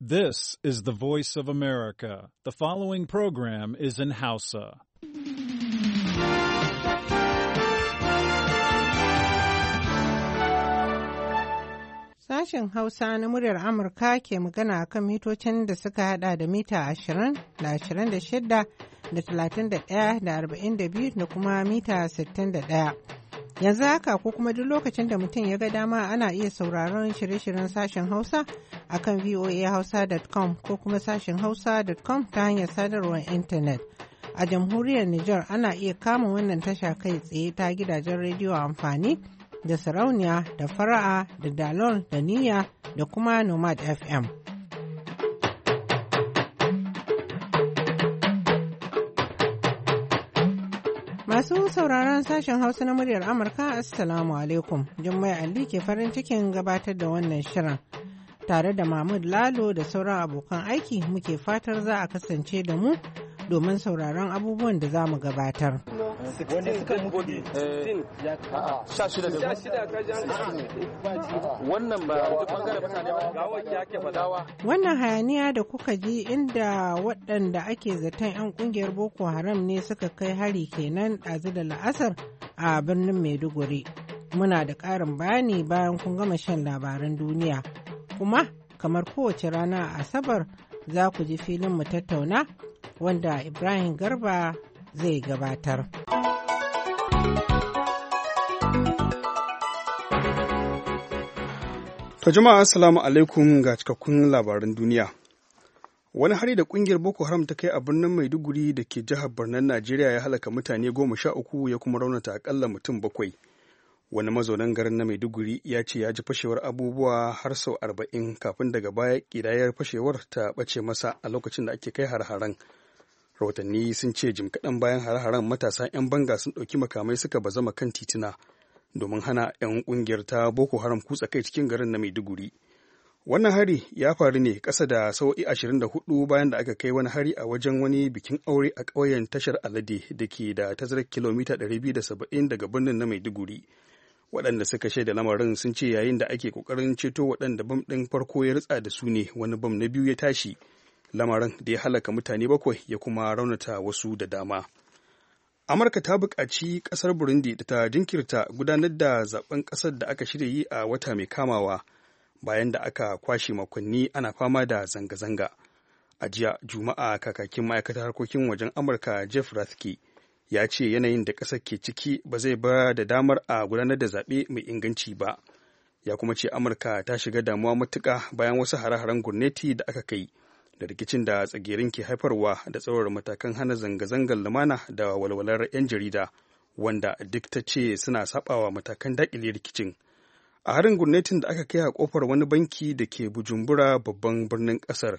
This is the voice of America. The following program is in Hausa. Sashen Hausa na muryar Amurka ke magana kan mitocin da suka hada da mita 20 da 26 da 31 da 42 da kuma mita 61. Yanzu haka ko kuma duk lokacin da mutum ya ga dama ana iya sauraron shirye-shiryen sashen Hausa a kan voahausa.com ko kuma sashen hausa.com ta hanyar sadarwar intanet. A jamhuriyar Nijar ana iya kama wannan tasha kai tsaye ta gidajen rediyo amfani da sarauniya da fara'a da dalon da niyya da kuma nomad FM. Masu sauraron sashen Hausa na muryar Amurka Assalamu alaikum. Jummai Ali ke farin cikin gabatar da wannan shirin. Tare da Mahmud Lalo da sauran abokan aiki muke fatar za a kasance da mu domin sauraron abubuwan da za mu gabatar. Eh, wannan hayaniya da kuka ji inda waɗanda ake zaton yan kungiyar boko haram ne suka kai hari kenan ɗazu da la'asar a birnin maiduguri muna da ƙarin bayani bayan kun gama shan labaran duniya kuma kamar kowace rana a asabar za ku ji filin mu tattauna wanda Ibrahim Garba zai gabatar. To jama'a assalamu alaikum ga cikakkun labaran duniya. Wani hari da kungiyar Boko Haram ta kai a birnin Maiduguri da ke jihar Birnin Najeriya ya halaka mutane goma sha uku ya kuma raunata akalla mutum bakwai. Wani mazaunan garin na Maiduguri ya ce ya ji fashewar abubuwa har sau arba'in kafin daga baya kidayar fashewar ta ɓace masa a lokacin da ake kai har-haren. har haran. rahotanni sun ce jim kaɗan bayan hare-haren matasa 'yan banga sun ɗauki makamai suka bazama kan tituna domin hana 'yan ƙungiyar ta boko haram kutsa kai cikin garin na maiduguri wannan hari ya faru ne ƙasa da sau'i 24 bayan da aka kai wani hari a wajen wani bikin aure a ƙauyen tashar alade da ke da tazarar kilomita 270 daga birnin na maiduguri waɗanda suka shaida lamarin sun ce yayin da ake ƙoƙarin ceto waɗanda bam ɗin farko ya ritsa da su ne wani bam na biyu ya tashi lamarin da ya halaka mutane bakwai ya kuma raunata wasu da dama amurka ta buƙaci ƙasar burundi da ta jinkirta gudanar da zaben ƙasar da aka shirya yi a wata mai kamawa bayan da aka kwashe makonni ana fama da zanga-zanga a jiya juma'a kakakin ma'aikatar harkokin wajen amurka jeff rathke ya ce yanayin da ƙasar ke ciki ba zai ba da damar a gudanar da zaɓe mai inganci ba ya kuma ce amurka ta shiga damuwa matuƙa bayan wasu hare-haren gurneti da aka kai da rikicin da tsagerin ke haifarwa da tsawar matakan hana zanga-zangar lumana da walwalar 'yan jarida wanda duk ta ce suna sabawa matakan dakile rikicin a harin gurnetin da aka kai a kofar wani banki da ke bujumbura babban birnin ƙasar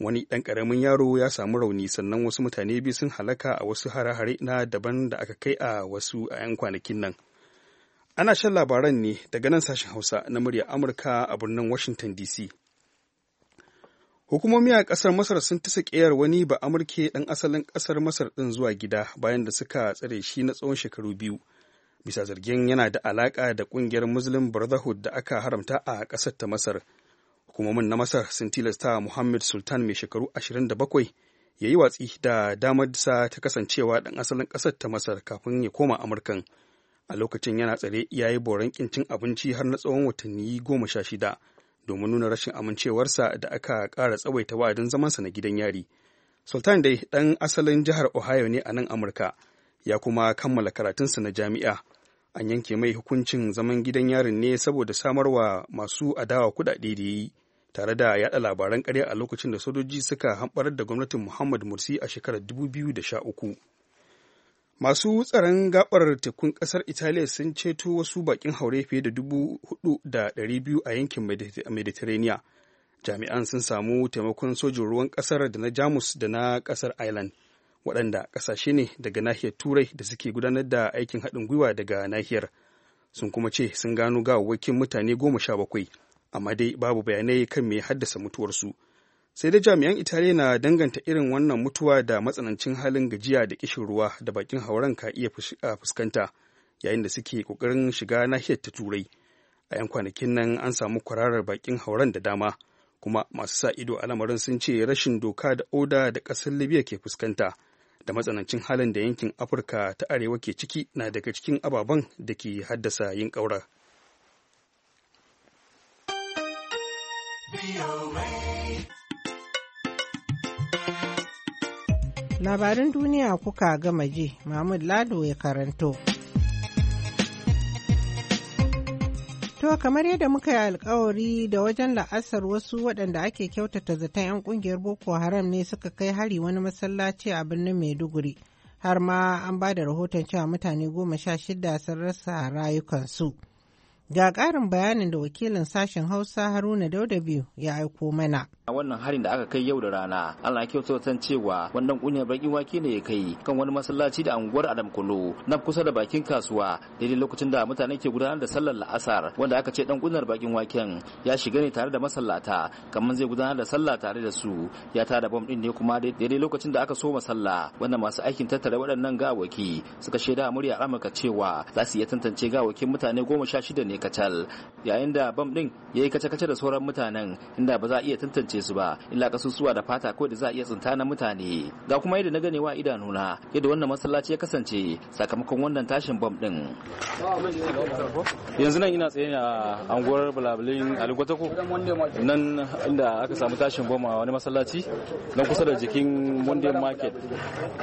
wani ɗan ƙaramin yaro ya samu rauni sannan wasu mutane biyu sun halaka a wasu hare-hare na daban da aka kai a wasu a 'yan kwanakin nan ana shan labaran ne daga nan sashen hausa na murya amurka a birnin washington dc Hukumomi a ƙasar Masar sun ta ƙeyar wani ba Amurke ɗan asalin ƙasar Masar ɗin zuwa gida bayan da suka tsare shi na tsawon shekaru biyu. Bisa zargin yana da alaƙa da ƙungiyar Muslim Brotherhood da aka haramta a ƙasar ta Masar. Hukumomin na Masar sun tilasta Muhammad Sultan mai shekaru 27 ya yi watsi da damar sa ta kasancewa ɗan asalin ƙasar ta Masar kafin ya koma Amurkan. A lokacin yana tsare iyaye boran ƙin cin abinci har na tsawon watanni goma sha shida. domin nuna rashin amincewarsa da aka ƙara tsawaita wa'adin zamansa na gidan yari. Sultan dai ɗan asalin jihar Ohio ne a nan Amurka, ya kuma kammala karatunsa na jami'a. An yanke mai hukuncin zaman gidan yarin ne saboda samarwa masu adawa kuɗaɗe da yi, tare da yaɗa labaran ƙarya a lokacin da sojoji suka hamɓarar da gwamnatin Muhammad Mursi a shekarar 2013. masu tsaron gabar tekun kasar italiya sun ceto wasu bakin haure fiye da dubu hudu da dari biyu a yankin mediteraniya jami'an sun samu taimakon sojin ruwan kasar da na jamus da na kasar ireland waɗanda ƙasashe ne daga nahiyar turai da suke gudanar da aikin haɗin gwiwa daga nahiyar sun kuma ce sun gano gawawwakin mutane goma sha bakwai amma dai babu bayanai kan me haddasa mutuwarsu sai dai jami'an italiya na danganta irin wannan mutuwa da matsanancin halin gajiya da kishin ruwa da bakin hauren ka iya fuskanta yayin da suke kokarin shiga nahiyar ta turai a 'yan kwanakin nan an samu kwararar bakin hauren da dama kuma masu sa ido a lamarin sun ce rashin doka da oda da ƙasar libya ke fuskanta da matsanancin halin da yankin afirka ta arewa ke ciki na daga cikin ababen da ke haddasa yin ƙaura. Labarin duniya kuka gama ji, Mahmud Lado ya karanto. To kamar yadda muka yi alkawari da wajen la'asar wasu waɗanda ake kyautata zaton 'yan ƙungiyar Boko Haram ne suka kai hari wani masallaci a birnin Maiduguri. Har ma an ba da rahoton cewa mutane goma sha shida sun rasa rayukansu. Ga ƙarin bayanin da wakilin sashen Hausa Haruna Dauda biyu ya aiko mana. A wannan harin da aka kai yau da rana, Allah kyautu san cewa wannan kunyar bakin wake ne ya kai kan wani masallaci da anguwar Adam Kuno na kusa da bakin kasuwa daidai lokacin da mutane ke gudanar da sallar la'asar wanda aka ce dan kunyar bakin waken ya shiga ne tare da masallata kamar zai gudanar da sallah tare da su ya tada bom din ne kuma daidai lokacin da aka so sallah wanda masu aikin tattara waɗannan gawaki suka shaida murya Amurka cewa za su iya tantance gawakin mutane goma sha shida ne ne kacal yayin da bam din ya yi kace-kace da sauran mutanen inda ba za a iya tantance su ba illa kasusuwa da fata ko da za a iya tsinta na mutane ga kuma yadda na ganewa idanuna yadda wannan masallaci ya kasance sakamakon wannan tashin bam din yanzu nan ina tsaye a anguwar bulabulin alugwatako nan inda aka samu tashin bom a wani masallaci na kusa da jikin monday market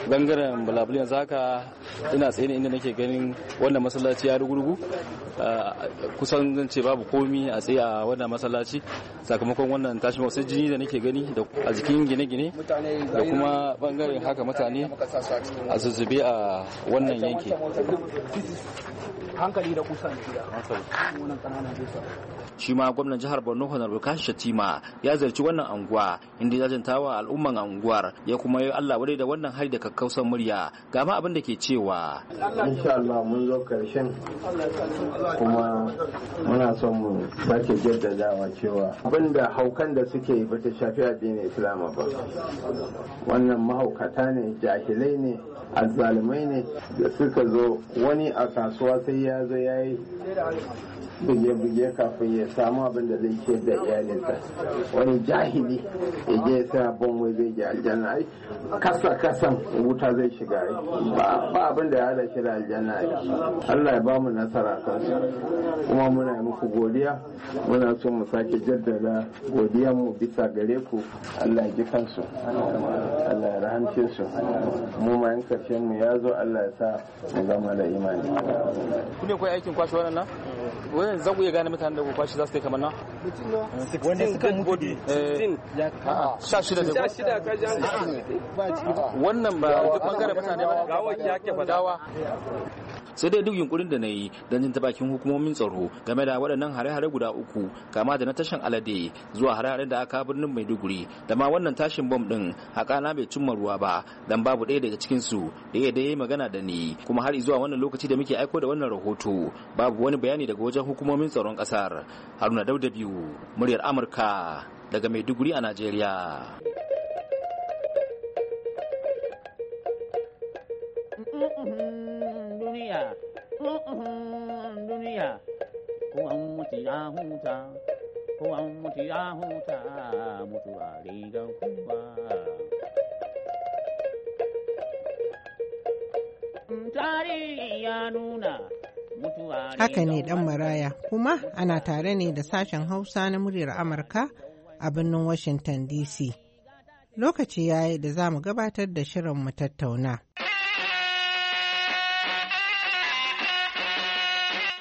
gangaren bulabulin yanzu haka ina tsaye inda nake ganin wannan masallaci ya rugurgu kusan zan ce babu komi a tsaye a wannan masallaci sakamakon wannan tashi sai jini da nake gani da a jikin gine-gine da kuma bangaren haka mutane a zuzube a wannan yanki hankali da kusan shi ma gwamnan jihar borno honar bukashi shatima ya zarci wannan anguwa inda ya jantawa al'umman anguwar ya kuma yi allah wadai da wannan hari da kakkausan murya ga ma abin da ke cewa insha allah mun zo karshen kuma muna son mu sake jaddadawa cewa abinda haukan da suke yi bata shafi addinin islama ba wannan mahaukata ne jahilai ne azzalumai ne da suka zo wani a kasuwa sai ya zo ya yi buge-buge kafin ya samu abin da zai ce da iyalinsa wani jahili ya je sai abin wai zai je aljanna ai kasa kasan wuta zai shiga ai ba abin da ya hada da aljanna ai Allah ya ba mu nasara kansu kuma muna muku godiya muna so mu sake jaddada mu bisa gare ku allah ji kansu allah ya rahamce su mu ma yan karshen mu ya zo allah ya sa mu zama da imani ku ne kai aikin kwashe wannan na wannan za ku iya gane mutanen da ku kwashe za su kai kamar na wanda suka mutu 16 eh, ah, sha shida da shida ka ji wannan ba duk bangaren mutane ba gawa yake fadawa sai dai duk yunkurin da na yi don jin ta bakin hukumomin tsaro game da waɗannan hare-hare guda uku kama da na tashan alade zuwa hare-hare da aka birnin maiduguri da ma wannan tashin bom ɗin na bai cimma ruwa ba dan babu ɗaya daga cikin su da ya dai magana da ni kuma har zuwa wannan lokaci da muke aiko da wannan rahoto babu wani bayani daga wajen hukumomin tsaron ƙasar haruna dauda biyu muryar amurka daga maiduguri a najeriya ya Haka ne ɗan maraya kuma ana tare ne da sashen Hausa na muryar Amurka a birnin Washington DC. Lokaci yayi da za mu gabatar da shirin mu tattauna.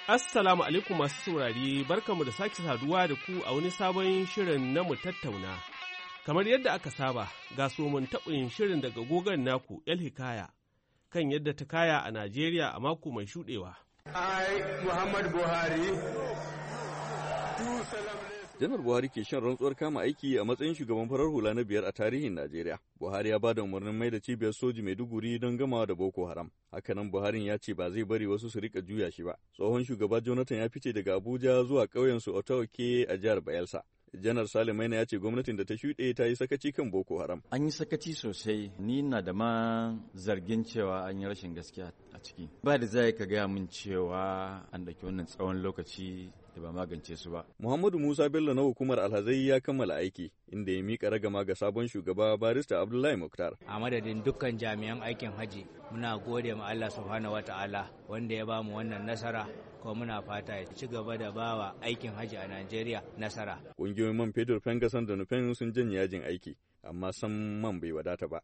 Assalamu alaikum masu saurari mu da sake saduwa da ku a wani sabon shirin na mu tattauna. Kamar yadda aka saba, ga mun taɓin shirin daga gogon naku El Hikaya kan yadda ta kaya a Najeriya a mako mai shuɗewa. Ai, Muhammad Buhari, Janar Buhari ke shan rantsuwar kama aiki a matsayin shugaban farar hula na biyar a tarihin Najeriya. Buhari ya bada umarnin mai da cibiyar soji Maiduguri don gamawa da Boko Haram. Hakanan Buhari ya ce ba zai bari wasu su rika juya shi ba. Tsohon shugaba Jonathan ya fice daga Abuja zuwa ƙauyen su Otaoke a jihar Bayelsa. janar salimaina ya ce gwamnatin da ta shuɗe ta yi sakaci kan boko haram an yi sakaci sosai ni na da ma zargin cewa an yi rashin gaskiya a ciki ba da zai ka gaya min cewa an ɗauki wannan tsawon lokaci da ba magance su ba. Muhammadu Musa Bello na hukumar alhazai ya kammala aiki inda ya mika ragama ga sabon shugaba barista Abdullahi Muktar. A madadin dukkan jami'an aikin haji muna gode ma Allah subhanahu ta'ala wanda ya bamu wannan nasara ko muna fata ya ci gaba da bawa aikin haji a Najeriya nasara. Ƙungiyoyin man fetur Fengasan da Nufen sun janye yajin aiki amma san man bai wadata ba.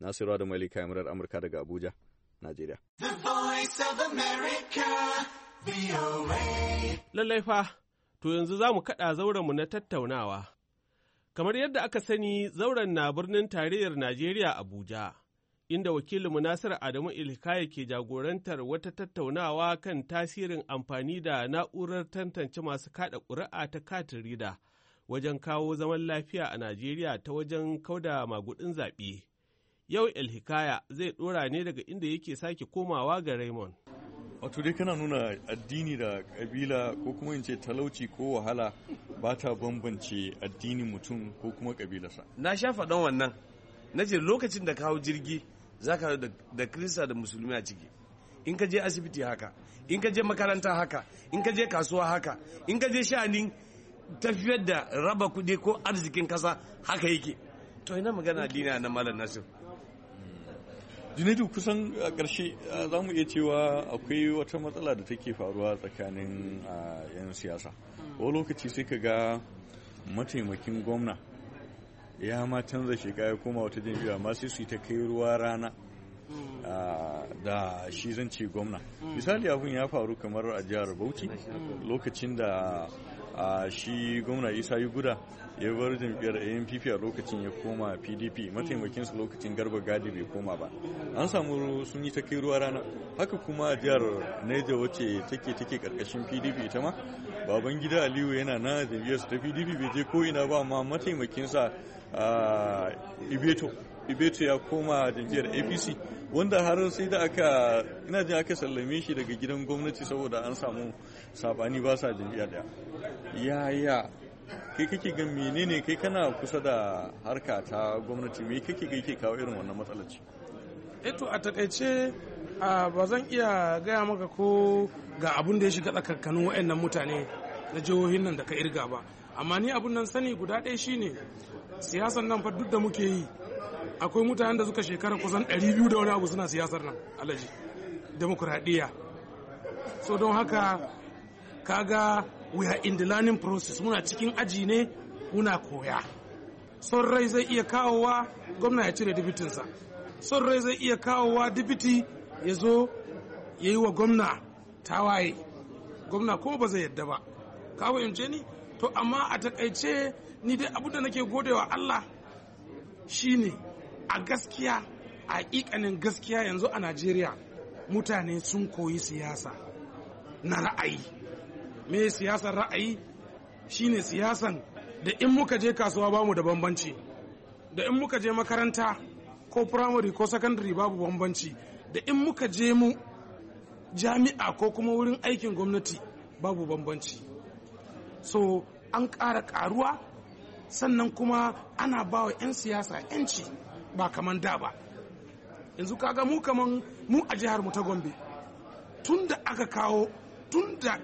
Nasiru da Malika Amurka daga Abuja, Najeriya. The Voice of America. Lallai fa, to yanzu za mu kaɗa zaurenmu na tattaunawa. Kamar yadda aka sani, zauren na birnin tarayyar Najeriya Abuja, inda wakilinmu Nasir Adamu Ilkaya ke jagorantar wata tattaunawa kan tasirin amfani da na'urar tantance masu kaɗa ƙuri'a ta katin rida wajen kawo zaman lafiya a Najeriya ta wajen kauda magudin zaɓe. Yau Ilhikaya zai ɗora ne daga inda yake sake komawa ga Raymond. wato dai kana nuna addini da kabila ko kuma in ce talauci ko wahala ba ta bambance addini mutum ko kuma kabilarsa na sha faɗan wannan na ce lokacin da kawo jirgi za ka da kirista da musulmi a ciki in ka je asibiti haka in ka je makaranta haka in ka je kasuwa haka in ka je sha'anin tafiyar da raba kuɗi ko arzikin ƙasa haka yake to ina magana addini na malam nasir junaidu kusan a ƙarshe za mu iya cewa akwai wata matsala da take faruwa tsakanin 'yan siyasa hmm. wani lokaci sai ka ga mataimakin gwamna ya ma canza shiga ya koma wata jam'iyya ma sai su yi ta kai ruwa rana hmm. da shi zan ce gwamna hmm. misali abun ya faru kamar a jihar bauchi lokacin da a shi gwamna isa yuguda ya bar jam'iyyar ampp a lokacin ya koma pdp mataimakinsa lokacin garba gadi bai koma ba an samu sun yi ta kai ruwa rana haka kuma a jihar naija wacce take take karkashin pdp ita ma baban gida aliyu yana na jam'iyyarsa ta pdp bai je ko ba amma mataimakinsa a ibeto ibeto ya koma jam'iyyar apc wanda har sai da aka ina jin aka sallame shi daga gidan gwamnati saboda an samu sabani ba sa jam'iyya daya yaya kai kake ga menene kai kana kusa da harka ta gwamnati me kake ga yake kawo irin wannan matsalaci. ce eh eto a takaice ba zan iya gaya maka ko ga abun da ya shiga tsakankanin waɗannan mutane na jihohin nan da ka irga ba amma ni abun nan sani guda ɗaya shine siyasan nan fa duk da muke yi akwai mutanen da suka shekara kusan 200 da wani abu suna siyasar nan alaji demokuraɗiyya so don haka kaga we are in the learning process muna cikin aji ne muna koya son rai zai iya kawowa gwamna ya cire dibitinsa son rai zai iya kawowa dibiti ya zo ya yi wa gwamna tawaye gwamna ko ba zai yadda ba ka fahimce ni to amma a takaice ni dai abinda da nake godewa Allah shine a gaskiya a ikanin gaskiya yanzu a najeriya mutane sun koyi siyasa na ra'ayi me siyasar ra'ayi shine siyasan da in muka je kasuwa bamu da bambanci da in muka je makaranta ko firamare ko sakandare babu bambanci da in muka je mu jami'a ko kuma wurin aikin gwamnati babu bambanci so an ƙara ƙaruwa sannan kuma ana bawa 'yan siyasa 'yanci ba kaman da ba yanzu kaga mu kaman mu a jihar mu ta gombe tun da aka kawo tun da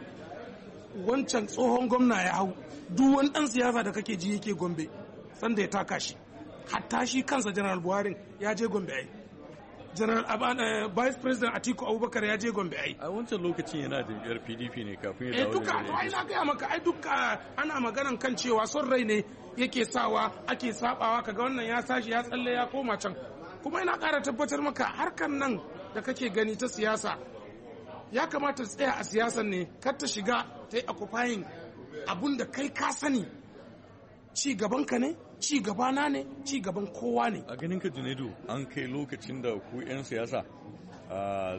wancan tsohon gwamna ya hau duk wani dan siyasa da kake ji yake gombe sanda ya taka shi hatta shi kansa janar buhari ya je gombe ai general abana eh, vice president atiku abubakar ya je gombe ai a wancan lokacin yana da yar pdp ne kafin ya eh, dawo duka ai na gaya maka ai duka ana maganan kan cewa son rai ne yake sawa ake sabawa kaga wannan ya sashi ya tsalle ya koma can kuma ina ƙara tabbatar maka harkar nan da kake gani ta siyasa ya kamata tsaya a siyasan ne kar ta shiga ta yi occupying abun da kai ka sani ci gabanka ne ci gaba na ne ci gaban kowa ne a ganin ka junaidu an kai lokacin da ku 'yan siyasa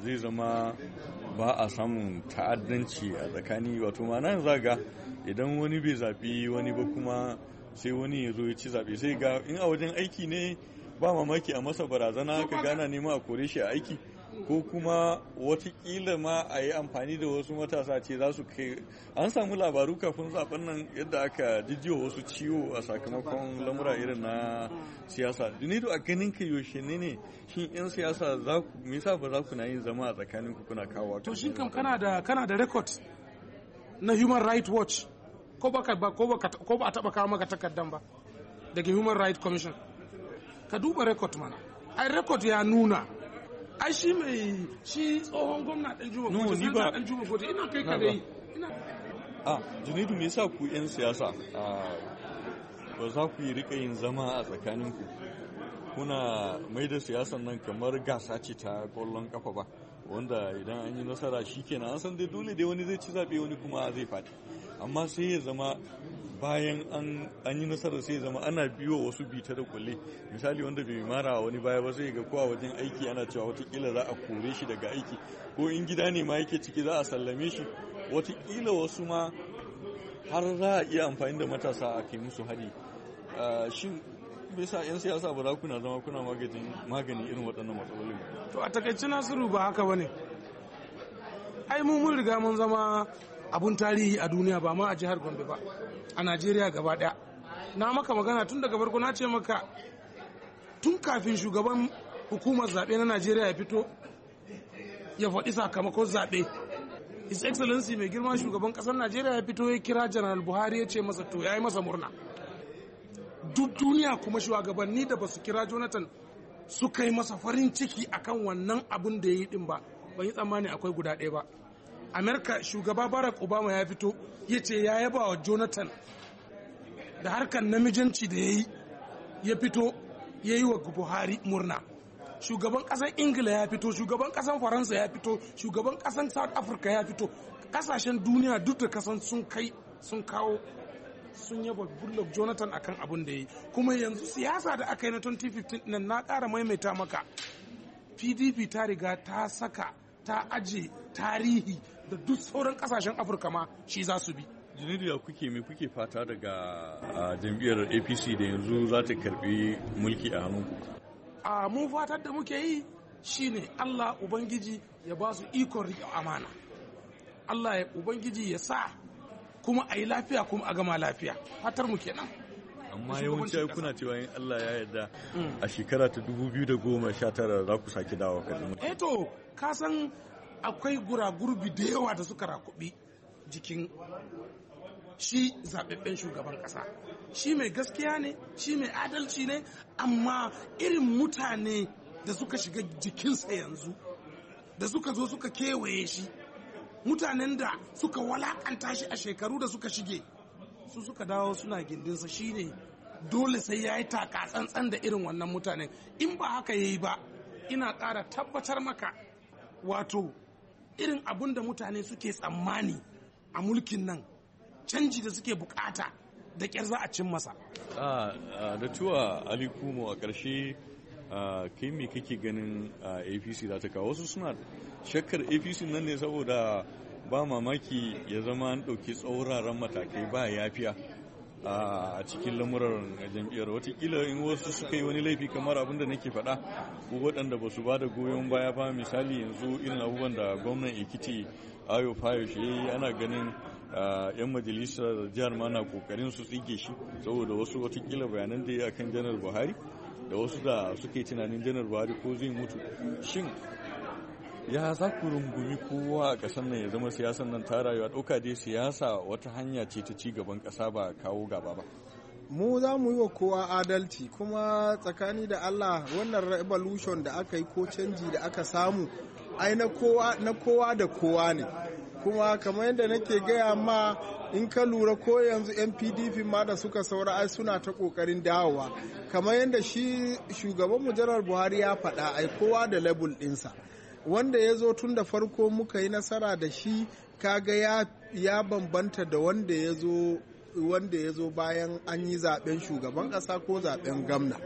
zai zama ba a samun ta'addanci a tsakani wato ma'ana zaga idan wani bai zaɓi wani ba kuma sai wani ya zo ya ci zaɓe sai ga in a wajen aiki ne ba mamaki a masa barazana ka gana nema a kore shi a aiki ko kuma watakila ma a yi amfani da wasu matasa ce za su kai an samu labaru kafin zaben nan yadda aka jijiyo wasu ciwo a sakamakon lamura irin na siyasa ni a ganin ka yaushe ne ne shi yan siyasa za ku me yasa ba za ku na yin zama a tsakanin ku kuna kawo to shin kam kana da kana da record na human rights watch ko ba ko ba a taba kawo maka takardan ba daga human rights commission ka duba record mana ai record ya nuna ai shi mai shi tsohon gwamna dan juma ni ba juma ina kai ka ina a ah, junaidu me yasa ku yan siyasa ah, ba za ku yi rika yin zama a tsakanin ku kuna mai da siyasan nan kamar gasa ce ta kwallon kafa ba wanda idan an yi nasara shi kenan an san dai dole dai wani zai ci zaɓe wani kuma zai faɗi amma sai ya zama bayan an yi nasarar sai zama ana biyo wasu bita da kulle misali wanda bai mara wani baya ba sai ga kowa wajen aiki ana cewa watakila za a kore shi daga aiki ko in gida ne ma yake ciki za a sallame shi watakila wasu ma har za a iya amfani da matasa a kai musu hari shin bisa 'yan siyasa ba za kuna zama kuna magani irin waɗannan matsalolin to a takaice nasiru ba haka ba ne ai mu mun riga mun zama abun tarihi a duniya ba ma a jihar gombe ba a najeriya gaba daya na maka magana tun daga farko na ce maka tun kafin shugaban hukumar zaɓe na najeriya ya fito ya faɗi sakamakon zaɓe his excellency mai girma shugaban ƙasar najeriya ya fito ya kira general buhari ya ce masa to ya yi masa murna duk duniya kuma shugabanni da ba su kira jonathan suka yi masa farin ciki akan wannan abun da ya yi din ba ban yi tsammani akwai guda ɗaya ba amerika shugaba barack obama ya fito ya ce ya yaba wa jonathan da harkar namijinci da ya yi ya fito ya yi wa buhari murna shugaban ƙasar ingila ya fito shugaban ƙasar faransa ya fito shugaban ƙasar south africa ya fito ƙasashen duniya duk da kasan sun kai sun kawo sun yaba goodluck jonathan akan abin da ya yi kuma yanzu siyasa da aka yi na 2015 nan na ƙara maimaita maka pdp ta riga ta saka ta aje tarihi da duk sauran kasashen afirka ma shi za su bi janariya kuke mai kuke fata daga jam'iyyar apc da yanzu za ta karbi mulki a hannunku a mun fatar da muke yi shine allah ubangiji ya ba su ikon riƙe amana allah ya ubangiji ya sa kuma a yi lafiya kuma a gama lafiya fatar mu kenan amma yawanci kuna cewa in Allah ya yarda mm. a shekara ta 2019 za ku sake dawo kaduna eh to ka san akwai guragurbi da yawa da suka rakubi jikin shi zaɓaɓɓen shugaban ƙasa shi mai gaskiya ne shi mai adalci ne amma irin mutane da suka shiga jikinsa yanzu da suka zo suka kewaye shi mutanen da suka walakanta shi a shekaru da suka shige su suka dawo suna gindinsa shine dole sai ya yi taka tsantsan da irin wannan mutanen in ba haka ya yi ba ina ƙara tabbatar maka wato irin abun da mutane suke tsammani a mulkin nan canji da suke bukata da ƙyar za a cin masa ah, ah, da tuwa ali kumo a ƙarshe ah, kai me kake ganin apc za ta kawo wasu suna shakkar apc nan ne saboda ba mamaki ya zama an ɗauki tsauraran matakai ba yafiya a cikin lamuran jam'iyyar watakila in wasu suka yi wani laifi kamar abin da nake faɗa ko waɗanda ba su ba da goyon baya ba misali yanzu irin abubuwan da gwamnan ikiti ayo fayo shi ana ganin yan majalisar jihar ma na kokarin su tsige shi saboda wasu watakila bayanan da ya kan janar buhari da wasu da suke tunanin janar buhari ko zai mutu shin ya za ku rungumi kowa a ƙasar nan ya zama siyasan nan ta rayuwa ɗauka dai siyasa wata hanya ce ta ci gaban ƙasa ba kawo gaba ba mu za mu yi wa kowa adalci kuma tsakani da allah wannan revolution da aka yi ko canji da aka samu ai na kowa da kowa ne kuma kamar yadda nake gaya ma in ka lura ko yanzu yan pdp ma da suka saura ai suna ta kokarin dawowa kamar yadda shi shugaban mujallar buhari ya faɗa ai kowa da labul ɗinsa wanda ya zo tun da farko muka yi nasara da shi kaga ya, bambanta da wanda ya zo wanda ya zo bayan an yi zaben shugaban ƙasa ko zaben gamna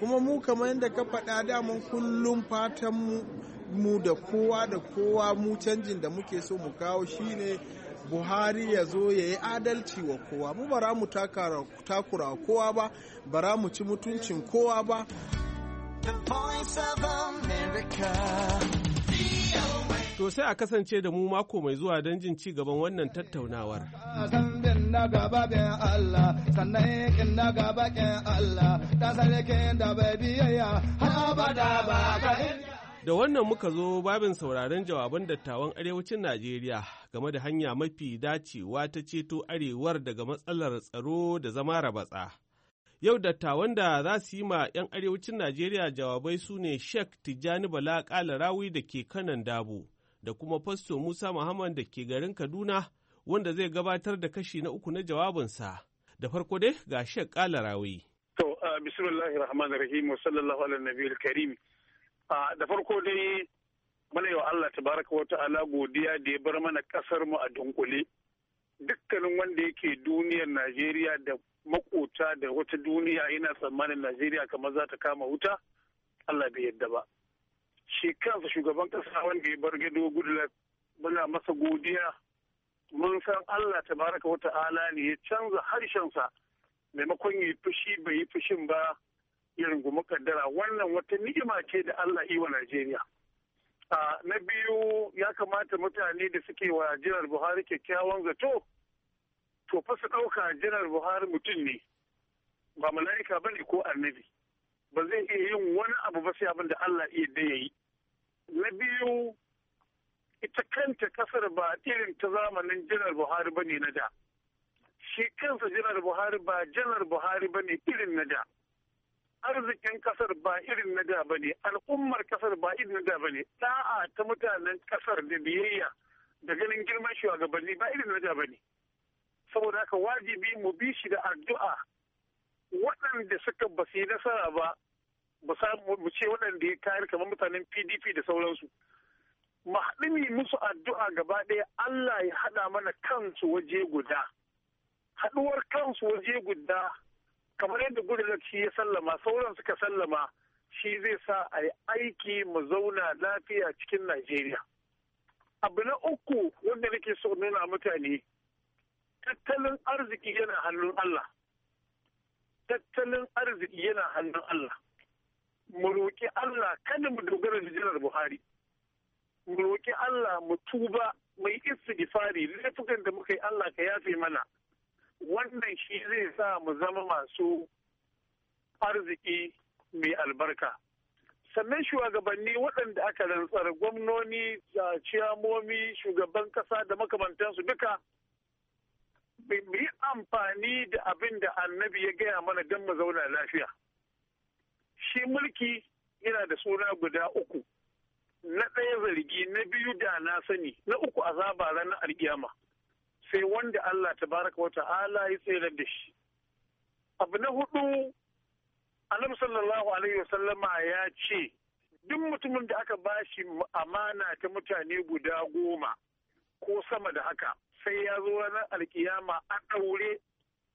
kuma mu kamar yadda ka faɗa daman kullum fatan mu da kowa da kowa mu canjin da muke so mu kawo shine buhari ya zo ya yi adalci wa kowa mu bara mu takura kowa ba bara mu ci mutuncin kowa ba To sai a kasance da mu mako mai zuwa don jin ci gaban wannan tattaunawar. Da wannan muka zo babin sauraron jawaban dattawan arewacin Najeriya game da hanya mafi dacewa ta ceto arewar daga matsalar tsaro da zama rabatsa. Yau dattawan da za su yi ma 'yan arewacin Najeriya jawabai su ne Sheikh Tijjani Bala Kalarawi da ke kanan dabo da kuma Fasto Musa Muhammad da ke garin Kaduna wanda zai gabatar da kashi na uku na jawabinsa. Da farko dai ga Sheikh Kalarawi. To, bismillahir Da farko dai mana yau Allah ta baraka wata ala godiya da ya bar mana kasar mu a dunkule. Dukkanin wanda yake duniyar Najeriya da makota da wata duniya yana tsammanin najeriya kamar za ta kama wuta allah bai yadda ba shi kansa shugaban kasa wanda ya bar gado goodluck muna masa godiya mun san allah tabaraka wata ala ne ya canza harshensa maimakon ya fushi bai yi fushin ba ya rungumi kaddara wannan wata ni'ima ce da allah yi wa najeriya ah, na biyu ya kamata mutane da suke wa jiran buhari kyakkyawan zato to fa su ɗauka janar buhari mutum ne ba mala'ika ba ne ko annabi ba zai iya yin wani abu ba sai abin da allah iya da yayi na biyu ita kanta kasar ba irin ta zamanin janar buhari ba ne na da shi kansa janar buhari ba janar buhari ba ne irin na da arzikin kasar ba irin na da ba ne al'ummar kasar ba irin na da ba ne da'a ta mutanen kasar da biyayya da ganin girman shugabanni ba irin na da ba ne saboda haka wajibi mu bi shi da addu'a waɗanda suka ba su yi nasara ba mu ce waɗanda ya kayar kamar mutanen pdp da sauransu mu haɗu musu addu'a gaba ɗaya allah ya haɗa mana kansu waje guda haɗuwar kansu waje guda kamar yadda gudunar shi ya sallama sauran suka sallama shi zai sa a yi aiki mu zauna lafiya cikin najeriya abu na uku wanda nake so nuna mutane tattalin arziki yana hannun Allah tattalin arziki yana hannun Allah mu roƙi Allah kada mu dogara da janar Buhari mu roƙi Allah mu tuba mai gifari laifukan da muka yi Allah ka yafe mana wannan shi zai sa mu zama masu arziki mai albarka sannan shugabanni waɗanda aka rantsar gwamnoni ciyamomi shugaban ƙasa da makamantansu duka mu yi amfani da abin da annabi ya gaya mana don mu zauna lafiya shi mulki yana da suna guda uku na ɗaya zargi na biyu da na sani na uku a azaba ranar alƙiyama. sai wanda Allah Ta baraka wa ta'ala ya tsere da shi abu na hudu annabi sallallahu alaihi wasallama ya ce duk mutumin da aka bashi amana ta mutane guda goma ko sama da haka sai ya zo ranar alkiyama a ɗaure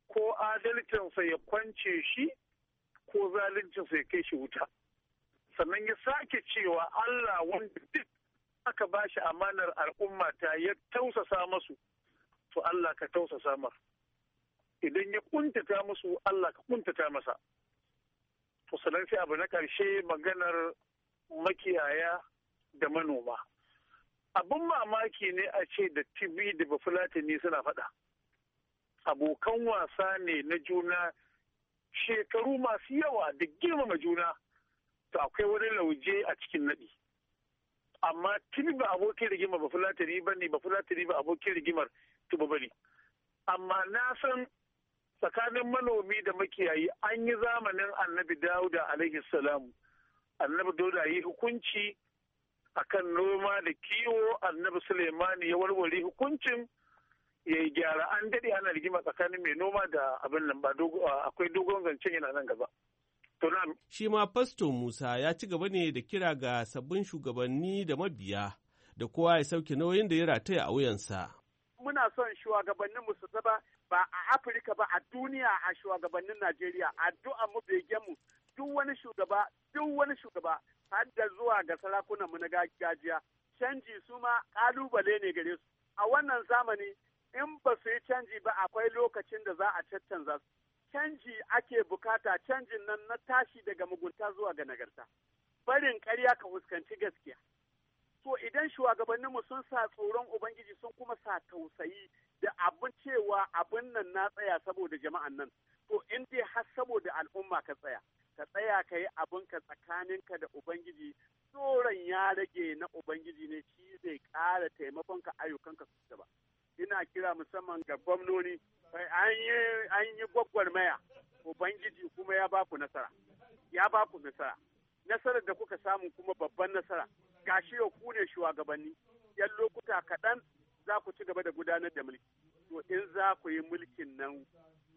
ko adalcinsa ya kwance shi ko zaluncinsa ya kai shi wuta sannan ya sake cewa Allah wanda duk aka ba shi amanar al'umma ta ya tausasa masu to Allah ka tausasa mar idan ya kuntata musu Allah ka kuntata masa to sannan sai abu na ƙarshe maganar makiyaya da manoma abin mamaki ne a ce da tibi da bafulatani suna faɗa abokan wasa ne na juna shekaru masu yawa da girmama juna to akwai wani lauje a cikin naɗi amma tibi ba abokin rigimar bafulatani ba ne bafulatani ba abokin rigimar tuba ba ne amma na san tsakanin manomi da makiyayi an yi zamanin annabi dauda alaihi salamu annabi dauda yi hukunci akan noma da kiwo annabi Suleimani ya warware hukuncin ya yi gyara an daɗe ana rigima tsakanin mai noma da abin nan ba akwai dogon zancen yana nan gaba. Shi ma Fasto Musa ya ci gaba ne da kira ga sabbin shugabanni da mabiya da kowa ya sauke nauyin da ya rataya a wuyansa. Muna son shugabannin mu su ba a Afirka ba a duniya a shugabannin Najeriya addu'a mu begen mu duk wani shugaba duk wani shugaba har da zuwa ga sarakunan mu na gajiya canji su ma kalubale ne gare su a wannan zamani in ba su yi canji ba akwai lokacin da za a caccanza su canji ake bukata canjin nan na tashi daga mugunta zuwa ga nagarta barin ƙarya ka fuskanci gaskiya to idan shugabanninmu sun sa tsoron ubangiji sun kuma sa tausayi da abin cewa abin nan na tsaya saboda jama'an nan to in dai har saboda al'umma ka tsaya ka tsaya ka yi abinka tsakaninka da ubangiji tsoron ya rage na ubangiji ne shi zai ƙara taimakonka ayyukanka su gaba ina kira musamman ga gwamnoni an yi gwagwarmaya ubangiji kuma ya baku nasara ya ku nasara nasarar da kuka samu kuma babban nasara gashi yau ku ne shugabanni yan lokuta kaɗan za ku ci gaba da gudanar da mulki to in za ku yi mulkin nan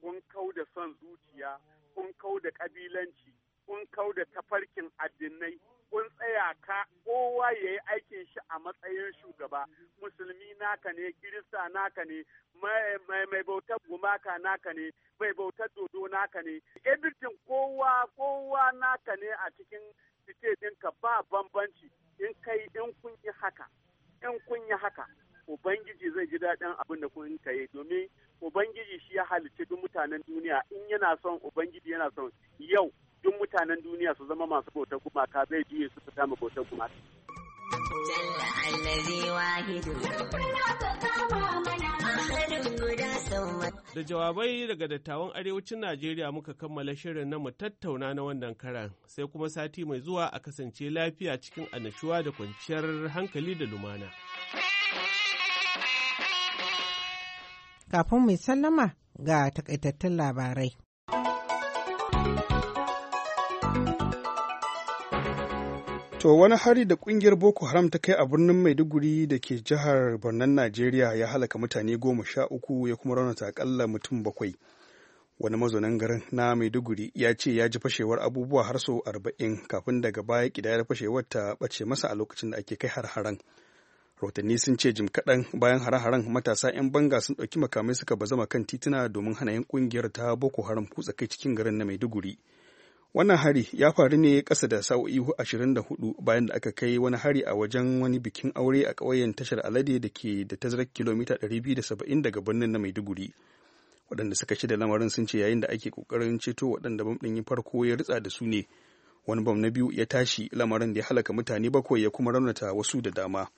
kun kau da son zuciya kun kau da kabilanci kun kau da tafarkin addinai, kun tsaya ka kowa ya yi aikin shi a matsayin shugaba, musulmi naka ne, kirista naka ne, mai bautar gumaka naka ne, mai bautar dodo naka ne, everything kowa kowa naka ne a cikin fice ɗinka ba bambanci in kai in kun yi haka, in kun yi haka. Ubangiji zai ji daɗin abin da kun yi domin Ubangiji shi ya halicci duk mutanen duniya in yana son Ubangiji yana son yau duk mutanen duniya su zama masu bautar gumaka zai juye su fita ma bautar gumaka. Da jawabai daga dattawan arewacin Najeriya muka kammala shirin na mu tattauna na wannan karan sai kuma sati mai zuwa a kasance lafiya cikin annashuwa da kwanciyar hankali da lumana. kafin mai sallama ga takaitattun labarai. To wani hari da kungiyar Boko Haram ta kai a birnin Maiduguri da ke jihar Bornan Najeriya ya halaka mutane goma sha uku ya kuma raunata akalla mutum bakwai. Wani mazaunin garin na Maiduguri ya ce ya ji fashewar abubuwa har sau arba'in kafin daga baya kidayar fashewar ta ɓace masa a lokacin da ake kai har-haren. har haran. rahotanni sun ce jim kaɗan bayan hare-haren matasa 'yan banga sun ɗauki makamai suka bazama kan tituna domin hana 'yan ƙungiyar ta boko haram kutsa kai cikin garin na maiduguri wannan hari ya faru ne ƙasa da sa'o'i 24 bayan da aka kai wani hari a wajen wani bikin aure a ƙauyen tashar alade da ke da tazarar kilomita 270 daga birnin na maiduguri waɗanda suka shida lamarin sun ce yayin da ake ƙoƙarin ceto waɗanda bam ɗin farko ya ritsa da su ne wani bam na biyu ya tashi lamarin da ya halaka mutane bakwai ya kuma raunata wasu da dama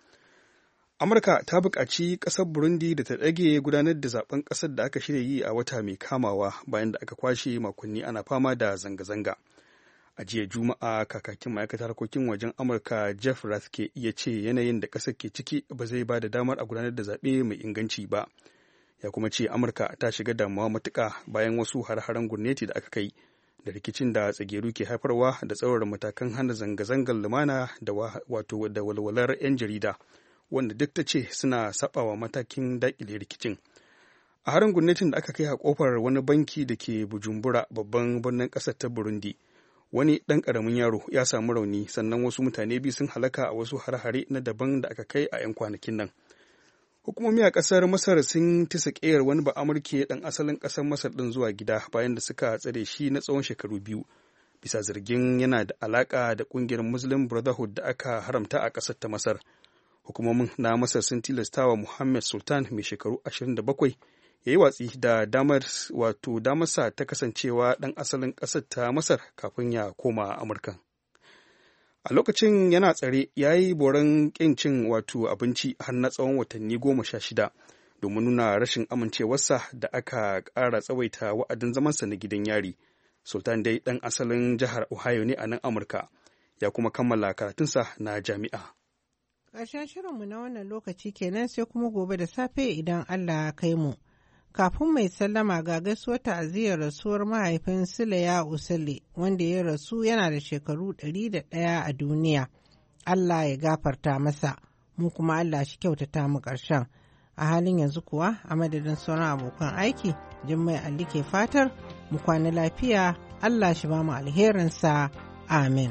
amurka ta buƙaci ƙasar burundi da ta ɗage gudanar da zaben ƙasar da aka shirya yi a wata mai kamawa bayan da aka kwashe makonni ana fama da zanga-zanga a jiya juma'a kakakin ma'aikatar harkokin wajen amurka jeff rathke ya ce yanayin da ƙasar ke ciki ba zai ba da damar a gudanar da zaɓe mai inganci ba ya kuma ce amurka ta shiga damuwa matuƙa bayan wasu har-haren gwamnati da aka kai da rikicin da tsageru ke haifarwa da tsawar matakan hana zanga-zangar lumana da wato da walwalar 'yan jarida. wanda duk ta ce suna sabawa matakin dakile rikicin a harin gwamnatin da aka kai a kofar wani banki da ke bujumbura babban birnin ƙasar ta burundi wani ɗan ƙaramin yaro ya samu rauni sannan wasu mutane biyu sun halaka a wasu har-hare na daban da aka kai a 'yan kwanakin nan hukumomi a ƙasar masar sun tisa ƙeyar wani ba amurke ɗan asalin ƙasar masar ɗin zuwa gida bayan da suka tsare shi na tsawon shekaru biyu bisa zargin yana da alaƙa da ƙungiyar muslim brotherhood da aka haramta a ƙasar ta masar hukumomin na masar sun wa muhammad sultan mai shekaru 27 ya yi watsi da damar wato damarsa ta kasancewa ɗan asalin ƙasar ta masar kafin ya koma amurka a lokacin yana tsare ya yi boron ƙin cin wato abinci har na tsawon watanni goma sha shida domin nuna rashin amincewarsa da aka ƙara tsawaita wa'adin zamansa na gidan yari sultan dai ɗan asalin jihar ohio ne a nan amurka ya kuma kammala karatunsa na jami'a Ƙarshen shirinmu na wannan lokaci kenan sai kuma gobe da safe idan Allah ya kai mu. Kafin mai sallama ga gaisuwar ta'aziyar rasuwar mahaifin Sulaya Usule wanda ya rasu yana da shekaru ɗari da ɗaya a duniya. Allah ya gafarta masa, mu kuma Allah shi kyautata mu ƙarshen. A halin yanzu kuwa a madadin sauran abokan aiki, Jummai Ali ke fatar mu kwana lafiya, Allah shi ba mu alherinsa. Amin.